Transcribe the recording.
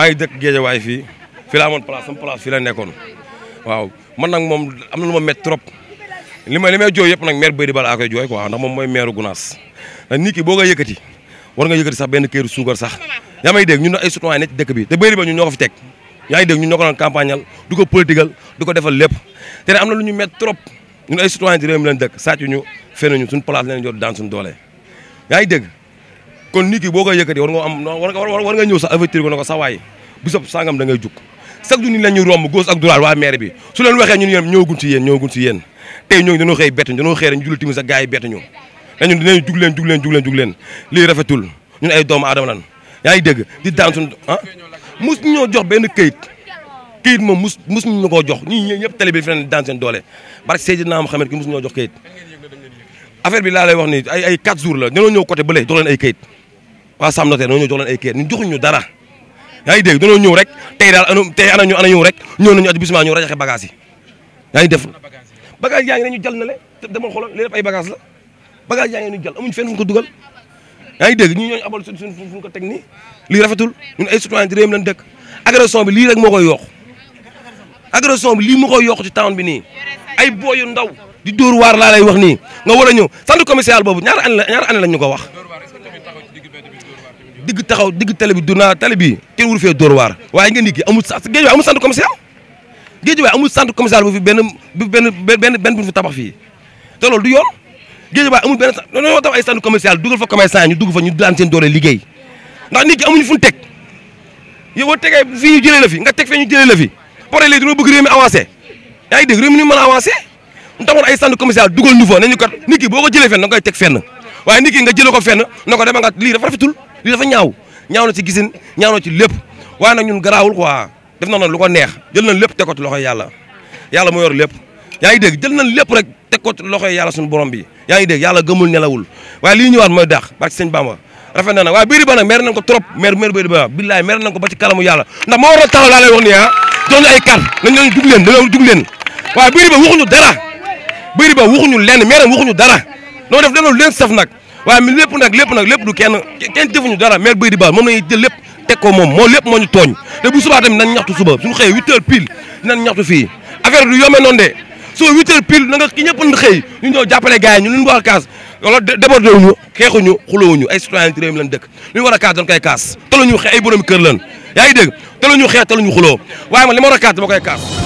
maa ngi dëkk Géejawaay fii fi la amoon place sam place fi la nekkoon waaw man nak mom amna luma met trop lima lima joy may nak mer nag maire Bédi Ba laa koy quoi ndax mom moy maire Gounass ndax nit ki yëkëti war nga yëkëti sax benn këru suukar sax yaa may dégg ñun ay citoyen nek ci dëkk bi te Bédi Ba ñun ñoko fi teg yaa ngi dégg ñun ñoko ko campagneal duko du duko politigal defal lépp té amna luñu met trop ñun ay citoyen di réew mi leen dëkk sàcc ñu fénu ñu suñu place leen jot dans suñu doolé yaa ngi dégg kon nit ki boo koy yëkkati war nga am war war nga ñëw chaque jour ni la romb góos ak duraal waa maire bi su leen waxee ñun yéen ñëwagun si yéen ñëwagun si yéen tey ñooñu dañoo xëy bettuñu dañoo yi bettuñu dañu dinañ jug leen jug leen jug leen leen lii rafetul ñun ay yaa ngi dégg di daan suñu ah mus ñoo jox benn këyit këyit moom mus mus ñu koo jox ñëpp télé bi fi leen ñoo jox këyit affaire bi laa lay wax ni ay ay 4 jours la dañoo ñëw côté bële jox leen ay këyit waa Sam Notaire ñoo ñëw jox leen ay kër ñun joxuñu dara yaa ngi dégg dañoo ñëw rek tey daal ana tey ana ñu ana ñëw rek ñëw nañu at bisimilah ñëw rajaxe bagage yi yaa ngi def bagage yaa ngi ne ñu jal na le te dama li ay bagage la bagage yaa ngi jal amuñu fenn ko dugal yaa ngi dégg ñu ñooñu abal suñ ko teg nii lii rafetul ñun ay citoyen di réew lañ dëkk agression bi lii rek moo koy yokk agression bi lii moo koy yokk ci town bi nii ay booy booyu daw di door waar laa ay wax nii nga war a ñëw centre commercial boobu ñaar année la ñaar ñu ko wax digg taxaw digg télé bi duna télé bi kenn wul fee dóor waar waaye nga nit ki amul sax commercial géej waay amul centre commercial bu fi benn bu benn benn benn bu fi tabax fii te loolu du yoon géej waay amul benn dañoo tax ay centre commercial dugal fa commerçant ñu dugg fa ñu daan seen doole liggéey ndax nit ki amuñu fu ñu teg yow boo tegee fii ñu jëlee la nga teg ñu jëlee la fi pare léegi dañoo bëgg réew mi avancé yaa ngi dégg réew mi ni mën a avancé ñu tamoon ay kat nit ki boo ko jëlee fenn da nga teg fenn waaye nit ki nga jëlee ko fenn na ko dema nga lii dafa rafetul lii dafa ñaaw ñaaw na ci gisin ñaaw na ci lépp waaye nag ñun garaawul quoi def na noonu lu ko neex jël nañ lépp teg ko ci loxoy yàlla yàlla mu yor lépp yaa ngi dégg jël nañ lépp rek teg ko ci loxoy borom bi yaa ngi dégg yàlla gëmul nelawul waaye lii ñëwaat mooy daax barke sëñ Bamba rafet na na waaye Béri Ba nag mer nañ ko trop mer mer Béri Ba billaay ko ba ci kalamu yàlla na moo waroon taxaw laa lay wax ni ah doon ay kar nañ leen jug leen dañoo jug leen waaye Béri Ba waxuñu dara Béri Ba waxuñu lenn meeram waxuñu dara noonu def loolu na saf nag lépp nag lépp du kenn kenn jëfuñu dara maire Béy di Ba moom nañu jël lépp teg ko moom moo lépp moo ñu tooñ te bu subaa tamit nañ ñaxtu suba suñu xëyee huit heures pile dinañ ñaxtu fii affaire du yombee noonu de soo huit heures na nga ki ñëpp xëy ñu ñëw jàppale gars yi ñu luñu war a kaas wala débordé wuñu xeexuñu xulowuñu ay citoyen réew mi lañ dëkk luñu war a kaas dañ koy kaas te luñu xeex ay borom kër lañ yaa ngi dégg te luñu xeex te luñu xuloo waaye ma war a kaas dama koy kaas